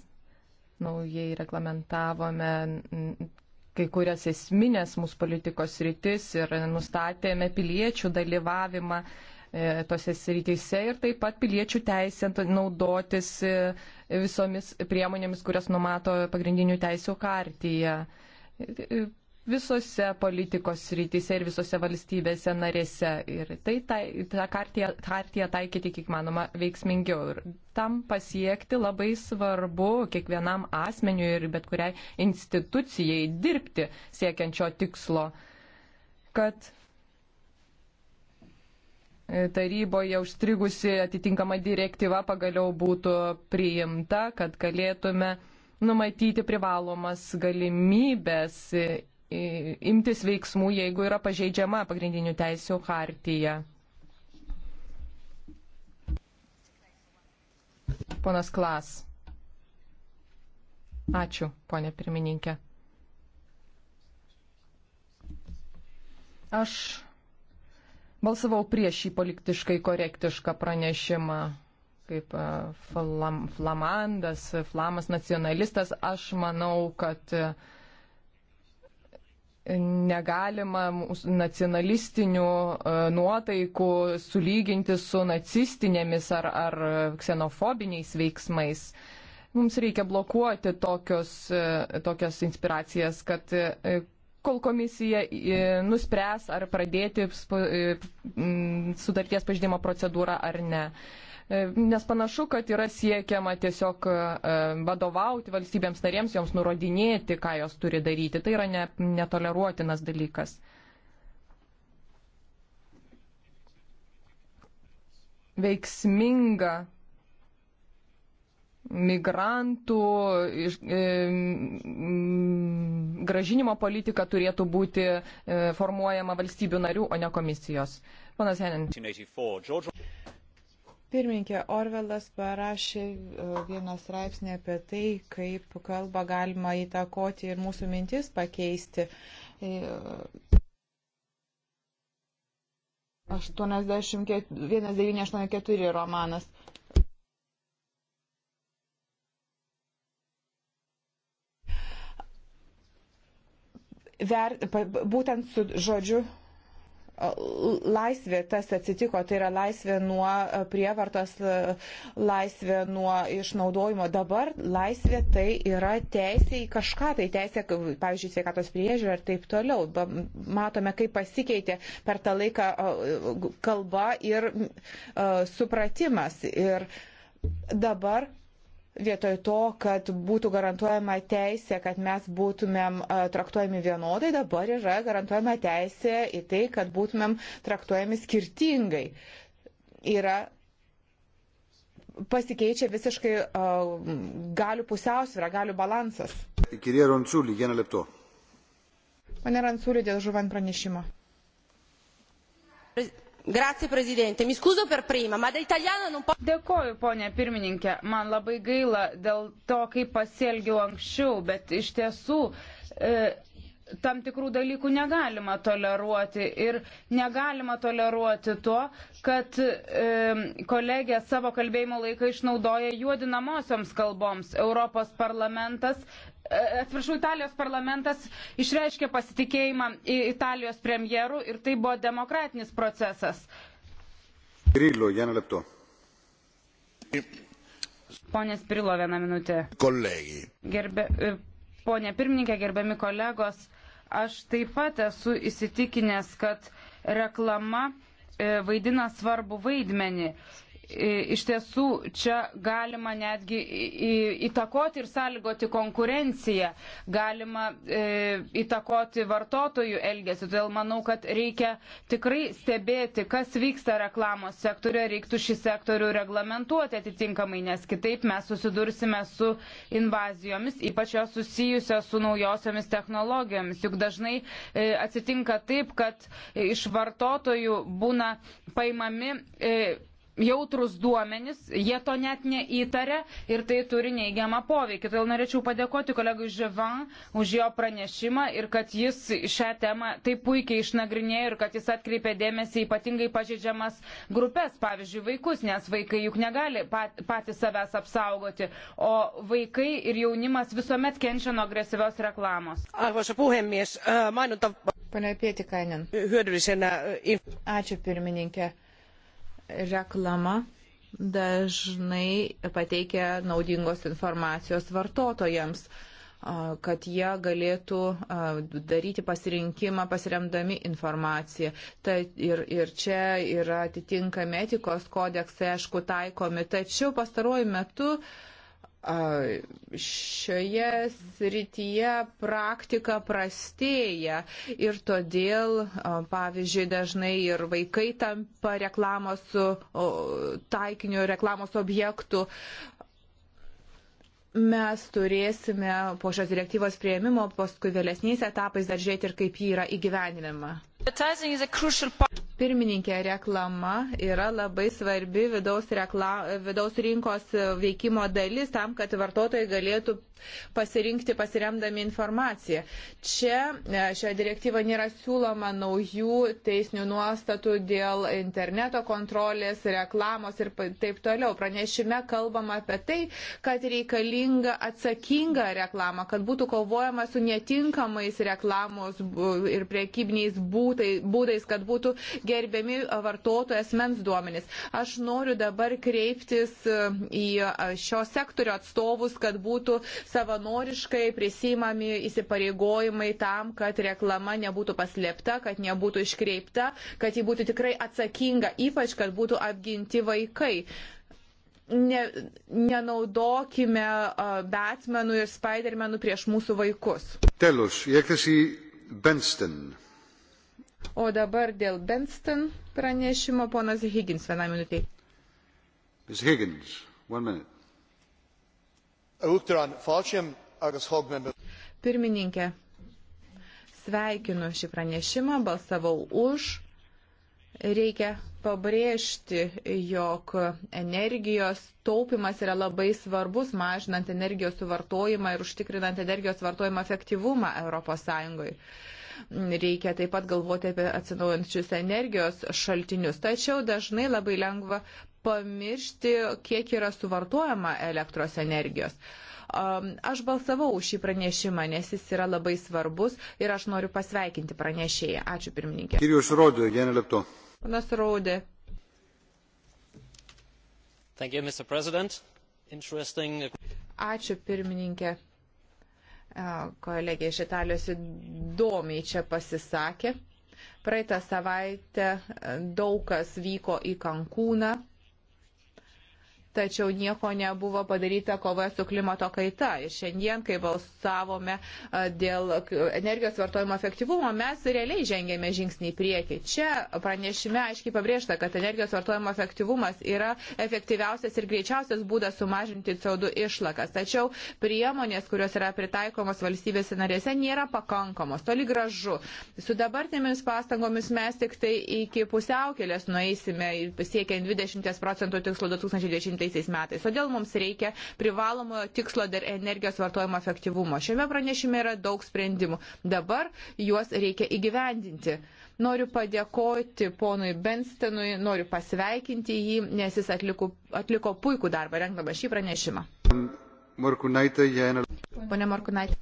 naujai reglamentavome kai kurias esminės mūsų politikos rytis ir nustatėme piliečių dalyvavimą e, tose srityse ir taip pat piliečių teisę naudotis e, visomis priemonėmis, kurias numato pagrindinių teisų kartyje visose politikos rytise ir visose valstybėse narėse. Ir tai, tai tą kartiją, kartiją taikyti kiek manoma veiksmingiau. Ir tam pasiekti labai svarbu kiekvienam asmeniu ir bet kuriai institucijai dirbti siekiančio tikslo, kad taryboje užstrigusi atitinkama direktyva pagaliau būtų priimta, kad galėtume numatyti privalomas galimybės imtis veiksmų, jeigu yra pažeidžiama pagrindinių teisų hartyje. Ponas Klas. Ačiū, ponė pirmininkė. Aš balsavau prieš šį politiškai korektišką pranešimą kaip e, flam, flamandas, flamas nacionalistas. Aš manau, kad uh, negalima nacionalistinių e, nuotaikų sulyginti su nacistinėmis ar, ar ksenofobiniais veiksmais. Mums reikia blokuoti tokios, e, tokios inspiracijas, kad e, kol komisija nuspręs ar pradėti sutarties pažydimo procedūrą ar ne. E, nes panašu, kad yra siekiama tiesiog e, vadovauti valstybėms narėms, joms nurodinėti, ką jos turi daryti. Tai yra ne, netoleruotinas dalykas. Veiksminga migrantų iš, e, gražinimo politika turėtų būti e, formuojama valstybių narių, o ne komisijos. Panas Henin. Pirminkė Orvelas parašė e, vieną straipsnį apie tai, kaip kalbą galima įtakoti ir mūsų mintis pakeisti. 1984 e, romanas. Ver, būtent su žodžiu laisvė tas atsitiko, tai yra laisvė nuo prievartos, laisvė nuo išnaudojimo. Dabar laisvė tai yra teisė į kažką, tai teisė, pavyzdžiui, sveikatos priežiūrą ir taip toliau. Matome, kaip pasikeitė per tą laiką kalba ir supratimas. Ir dabar vietoj to, kad būtų garantuojama teisė, kad mes būtumėm e, traktuojami vienodai, dabar yra garantuojama teisė į tai, kad būtumėm traktuojami skirtingai. Yra pasikeičia visiškai uh, galių pusiausvyrą, galių balansas. Kyrie Ronsulį, vieną lepto. Pane Ronsulį dėl žuvant pranešimo. Pre Grazie Presidente, mi scuso per prima, ma da italiana non posso. Dėkoju, ponė pirmininkė, man labai gaila dėl to, kaip pasielgiau anksčiau, bet iš tiesų e, tam tikrų dalykų negalima toleruoti ir negalima toleruoti to, kad e, kolegė savo kalbėjimo laiką išnaudoja juodinamosioms kalboms. Europos parlamentas E, atsiprašau, Italijos parlamentas išreiškė pasitikėjimą Italijos premjerų ir tai buvo demokratinis procesas. Pirilo, vieną lepto. Pone Spirilo, vieną minutę. Kolegi. Gerbe, e, ponė pirmininkė, gerbiami kolegos, aš taip pat esu įsitikinęs, kad reklama e, vaidina svarbu vaidmenį iš tiesų čia galima netgi įtakoti ir sąlygoti konkurenciją, galima e, įtakoti vartotojų elgesį. Todėl manau, kad reikia tikrai stebėti, kas vyksta reklamos sektoriuje, reiktų šį sektorių reglamentuoti atitinkamai, nes kitaip mes susidursime su invazijomis, ypač jos susijusios su naujosiomis technologijomis. Juk dažnai e, atsitinka taip, kad iš vartotojų būna paimami e, jautrus duomenys, jie to net neįtarė ir tai turi neigiamą poveikį. Todėl norėčiau padėkoti kolegui Ževan už jo pranešimą ir kad jis šią temą taip puikiai išnagrinėjo ir kad jis atkreipė dėmesį ypatingai pažeidžiamas grupės, pavyzdžiui, vaikus, nes vaikai juk negali patys savęs apsaugoti, o vaikai ir jaunimas visuomet kenčia nuo agresyvios reklamos. Arvoisa puhemies, mainonta... Pane Pietikainen. Hyödyllisenä... Äh, Ačiū pirmininkė reklama dažnai pateikia naudingos informacijos vartotojams kad jie galėtų daryti pasirinkimą pasiremdami informaciją. Tai ir, ir čia yra atitinkami etikos kodeksai, aišku, taikomi. Tačiau pastaruoju metu uh, šioje srityje praktika prastėja ir todėl, pavyzdžiui, dažnai ir vaikai tampa reklamos taikiniu, reklamos objektų. Mes turėsime po šios direktyvos prieimimo, paskui vėlesniais etapais dar žiūrėti ir kaip jį yra įgyveninama pirmininkė, reklama yra labai svarbi vidaus, rekla, vidaus rinkos veikimo dalis tam, kad vartotojai galėtų pasirinkti pasiremdami informaciją. Čia e, šioje direktyvoje nėra siūloma naujų teisinių nuostatų dėl interneto kontrolės, reklamos ir taip toliau. Pranešime kalbama apie tai, kad reikalinga atsakinga reklama, kad būtų kovojama su netinkamais reklamos ir priekybiniais būdais, kad būtų gerbiami vartotojų asmens duomenys. Aš noriu dabar kreiptis e, į e, šio sektorio atstovus, kad būtų savanoriškai prisimami įsipareigojimai tam, kad reklama nebūtų paslėpta, kad nebūtų iškreipta, kad ji būtų tikrai atsakinga, ypač kad būtų apginti vaikai ne, nenaudokime e, Batmanų ir Spidermanų prieš mūsų vaikus. Telus, į ekstasi Benston. O dabar dėl Benston pranešimo ponas Higgins vieną minutį. Ms. Higgins, one minute. Pirmininkė, sveikinu šį pranešimą, balsavau už. Reikia pabrėžti, jog energijos taupimas yra labai svarbus, mažinant energijos suvartojimą ir užtikrinant energijos vartojimo efektyvumą ES. Reikia taip pat galvoti apie atsinaujančius energijos šaltinius. Tačiau dažnai labai lengva pamiršti, kiek yra suvartojama elektros energijos. Um, aš balsavau už šį pranešimą, nes jis yra labai svarbus ir aš noriu pasveikinti pranešėją. Ačiū pirmininkė. Ir jūs rodė, Janė Lepto. Panas rodė. You, Ačiū pirmininkė kolegė iš Italijos įdomiai čia pasisakė. Praeitą savaitę e, daug kas vyko į Kankūną tačiau nieko nebuvo padaryta kovoje su klimato kaita. Ir šiandien, kai balsavome dėl energijos vartojimo efektyvumo, mes realiai žengėme žingsnį į priekį. Čia pranešime aiškiai pabrėžta, kad energijos vartojimo efektyvumas yra efektyviausias ir greičiausias būdas sumažinti CO2 išlakas. Tačiau priemonės, kurios yra pritaikomos valstybėse narėse, nėra pakankamos. Toli gražu. Su dabartinėmis pastangomis mes tik tai iki pusiaukelės nueisime siekiant 20 procentų tikslo 2010 2030 metais. Todėl mums reikia privalomojo tikslo dar energijos vartojimo efektyvumo. Šiame pranešime yra daug sprendimų. Dabar juos reikia įgyvendinti. Noriu padėkoti ponui Benstenui, noriu pasveikinti jį, nes jis atliko, atliko puikų darbą rengdama šį pranešimą. Morkunaitė, jei... Pone Morkunaitė.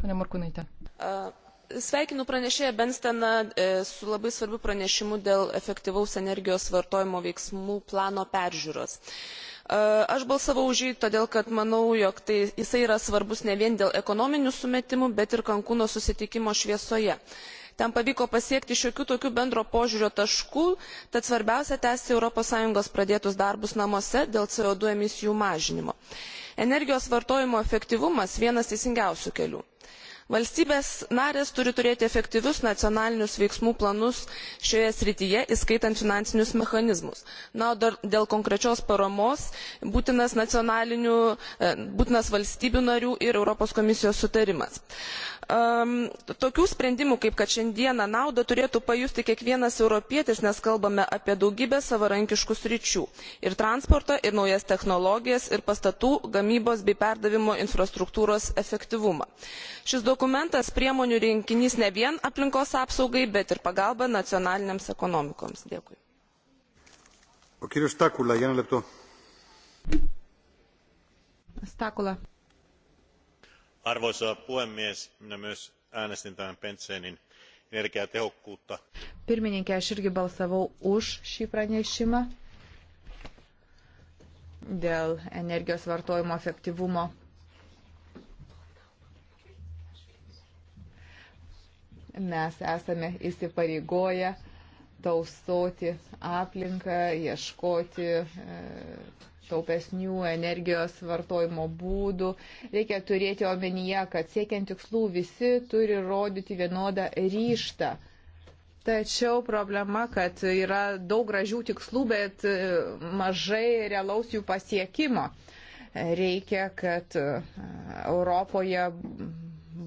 Pone Morkunaitė. Uh sveikinu pranešėją bernsteiną e, su labai svarbiu pranešimu dėl efektyvaus energijos vartojimo veiksmų plano peržiūros. E, aš balsavau už jį todėl kad manau jog tai, jis yra svarbus ne vien dėl ekonominių sumetimų bet ir cancuno susitikimo šviesoje. ten pavyko pasiekti šiokių tokių bendro požiūrio taškų tad svarbiausia tęsti europos sąjungos pradėtus darbus namuose dėl co du emisijų mažinimo. energijos vartojimo efektyvumas vienas teisingiausių kelių valstybės narės turi turėti efektyvius nacionalinius veiksmų planus šioje srityje įskaitant finansinius mechanizmus na o dėl konkrečios paramos e, būtinas valstybių narių ir europos komisijos sutarimas um, tokių sprendimų, kaip kad šiandieną naudą turėtų pajusti kiekvienas europietis, nes kalbame apie daugybę savarankiškų sričių - ir transportą, ir naujas technologijas, ir pastatų gamybos bei perdavimo infrastruktūros efektyvumą. Šis dokumentas priemonių rinkinys ne vien aplinkos apsaugai, bet ir pagalba nacionaliniams ekonomikoms. Dėkui. O kirius Takula, vieną lepto. Stakula arvoisa puhemies minä myös äänestin tämän benseenin energiatehokkuutta. Pirmininkė, aš irgi balsavau už šį pranešimą dėl energijos vartojimo efektyvumo. Mes esame įsipareigoję taustoti aplinką, ieškoti e, taupesnių energijos vartojimo būdų. Reikia turėti omenyje, kad siekiant tikslų visi turi rodyti vienodą ryštą. Tačiau problema, kad yra daug gražių tikslų, bet e, mažai realaus jų pasiekimo. Reikia, kad e, Europoje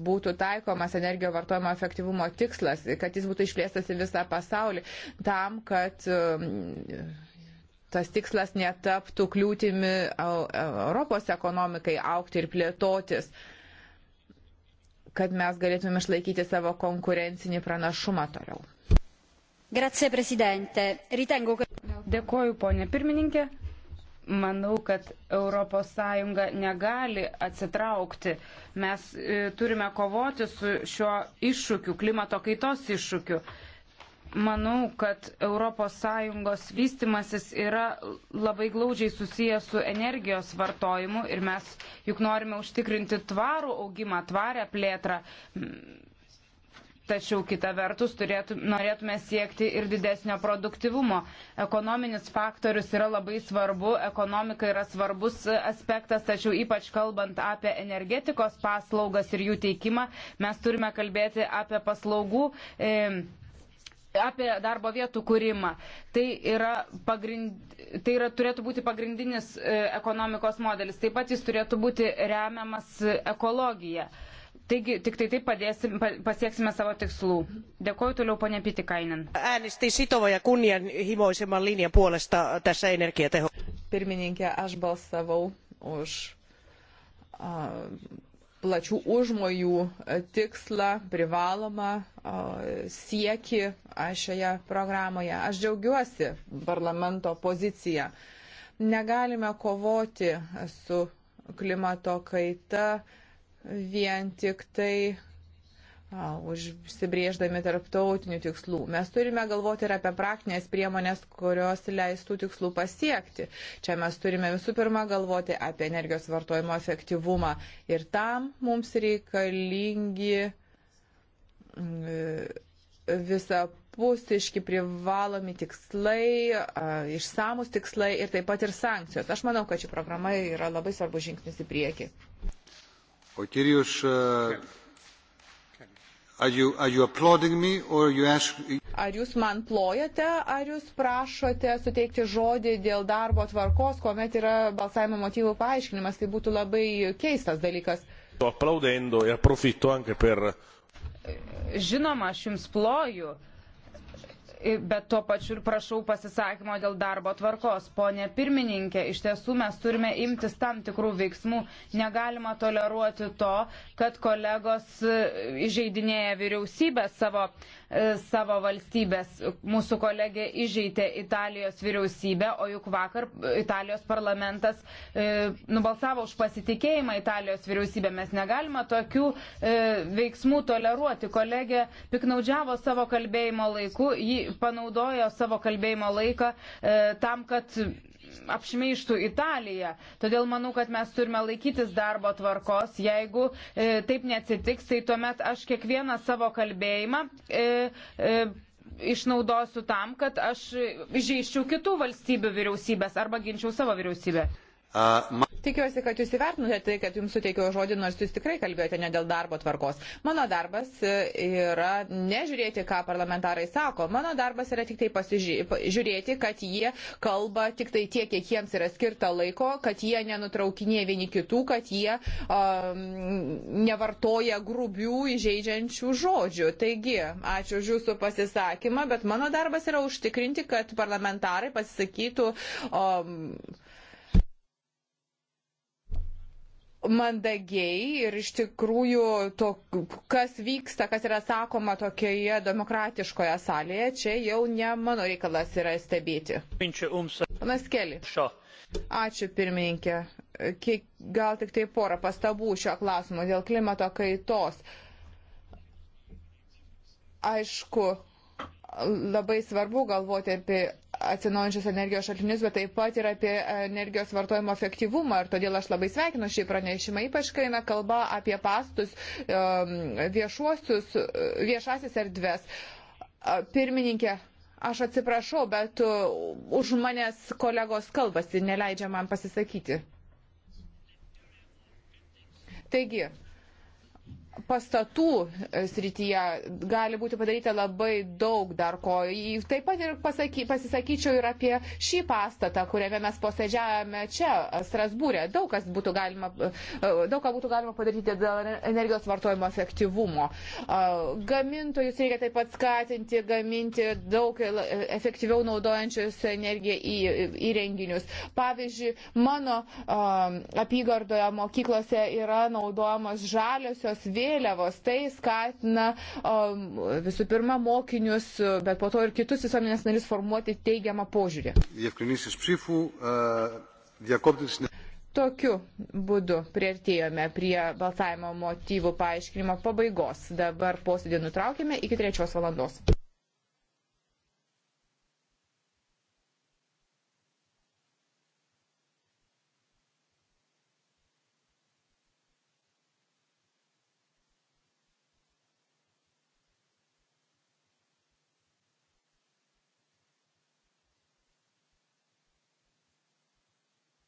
būtų taikomas energijo vartojimo efektyvumo tikslas, kad jis būtų išplėstas į visą pasaulį, tam, kad um, tas tikslas netaptų kliūtimi Europos ekonomikai aukti ir plėtotis kad mes galėtume išlaikyti savo konkurencinį pranašumą toliau. Grazie, Presidente. Ritengo, kad... Dėkoju, ponė pirmininkė manau, kad ES negali atsitraukti. Mes e, turime kovoti su šiuo iššūkiu, klimato kaitos iššūkiu. Manau, kad ES vystimasis yra labai glaudžiai susijęs su energijos vartojimu ir mes juk norime užtikrinti tvarų augimą, tvarę plėtrą. Tačiau kita vertus turėtų, norėtume siekti ir didesnio produktivumo. Ekonominis faktorius yra labai svarbu, ekonomika yra svarbus aspektas, tačiau ypač kalbant apie energetikos paslaugas ir jų teikimą, mes turime kalbėti apie paslaugų. E, apie darbo vietų kūrimą. Tai, yra pagrind, tai yra, turėtų būti pagrindinis e, ekonomikos modelis. Taip pat jis turėtų būti remiamas e, ekologija. E, Taigi tik tai taip padėsim, pasieksime savo tikslų. Dėkuoju toliau ponė Pitikainen. Äänestin sitovan ja kunnianhimoisemman linjan puolesta tässä energiateho. Pirmininkė, aš balsavau už a, plačių užmojų tikslą, privalomą sieki šioje programoje. Aš džiaugiuosi parlamento poziciją. Negalime kovoti su klimato kaita vien tik tai užsibrėždami tarptautinių tikslų. Mes turime galvoti ir apie praktinės priemonės, kurios leistų tikslų pasiekti. Čia mes turime visų pirma galvoti apie energijos vartojimo efektyvumą ir tam mums reikalingi mm, visapusiški privalomi tikslai, išsamus tikslai ir taip pat ir sankcijos. Aš manau, kad ši programa yra labai svarbus žingsnis į priekį. Ο κύριος... Uh, are you, are you applauding me or you ask... Ar jūs man plojate, ar jūs prašote suteikti žodį dėl darbo tvarkos, kuomet yra balsavimo motyvų paaiškinimas, tai būtų labai keistas dalykas. E Žinoma, aš jums ploju, bet tuo pačiu ir prašau pasisakymo dėl darbo tvarkos. Pone pirmininkė, iš tiesų mes turime imtis tam tikrų veiksmų. Negalima toleruoti to, kad kolegos e, įžeidinėja vyriausybės savo, e, savo valstybės. Mūsų kolegė įžeidė Italijos vyriausybę, o juk vakar e, Italijos parlamentas nubalsavo už pasitikėjimą Italijos vyriausybę. Mes negalime tokių veiksmų toleruoti. Kolegė piknaudžiavo savo kalbėjimo laiku. Ji panaudojo savo kalbėjimo laiką e, tam, kad apšmeištų Italiją. Todėl manau, kad mes turime laikytis darbo tvarkos. Jeigu e, taip neatsitiks, tai tuomet aš kiekvieną savo kalbėjimą e, e, išnaudosiu tam, kad aš žaiščiau kitų valstybių vyriausybės arba ginčiau savo vyriausybę. Uh, Tikiuosi, kad jūs įvertinote tai, kad jums suteikiau žodį, nors jūs tikrai kalbėjote ne dėl darbo tvarkos. Mano darbas e, yra nežiūrėti, ką parlamentarai sako. Mano darbas yra tik tai pasižiūrėti, kad jie kalba tik tai tiek, kiek jiems yra skirta laiko, kad jie nenutraukinė vieni kitų, kad jie um, nevartoja grubių, įžeidžiančių žodžių. Taigi, ačiū už jūsų pasisakymą, bet mano darbas yra užtikrinti, kad parlamentarai pasisakytų. Um, mandagiai ir iš tikrųjų to, kas vyksta, kas yra sakoma tokioje demokratiškoje salėje, čia jau ne mano reikalas yra stebėti. Panas Keli. Ačiū pirmininkė. Kiek, gal tik tai porą pastabų šio klausimo dėl klimato kaitos. Aišku, labai svarbu galvoti apie atsinaujančius energijos šaltinius, bet taip pat ir apie energijos vartojimo efektyvumą. Ir todėl aš labai sveikinu šį pranešimą, ypač kai eina kalba apie pastus um, viešuosius, viešasis erdves. Pirmininkė, aš atsiprašau, bet uh, už manęs kolegos kalbasi, neleidžia man pasisakyti. Taigi, pastatų e, srityje gali būti padaryta labai daug dar ko. Taip pat ir pasaky, pasisakyčiau ir apie šį pastatą, kuriame mes posėdžiavame čia, Strasbūrė. Daug, būtų galima, e, e, daug ką būtų galima padaryti dėl energijos vartojimo efektyvumo. Gamintojus reikia taip pat skatinti, gaminti daug efektyviau naudojančius energiją į įrenginius. Pavyzdžiui, mano apygardoje mokyklose yra naudojamos žaliosios vėliavos vėliavos. Tai skatina um, visų pirma mokinius, bet po to ir kitus visuomenės narius formuoti teigiamą požiūrį. Tokiu būdu prieartėjome prie balsavimo motyvų paaiškinimo pabaigos. Dabar posėdį nutraukėme iki trečios valandos.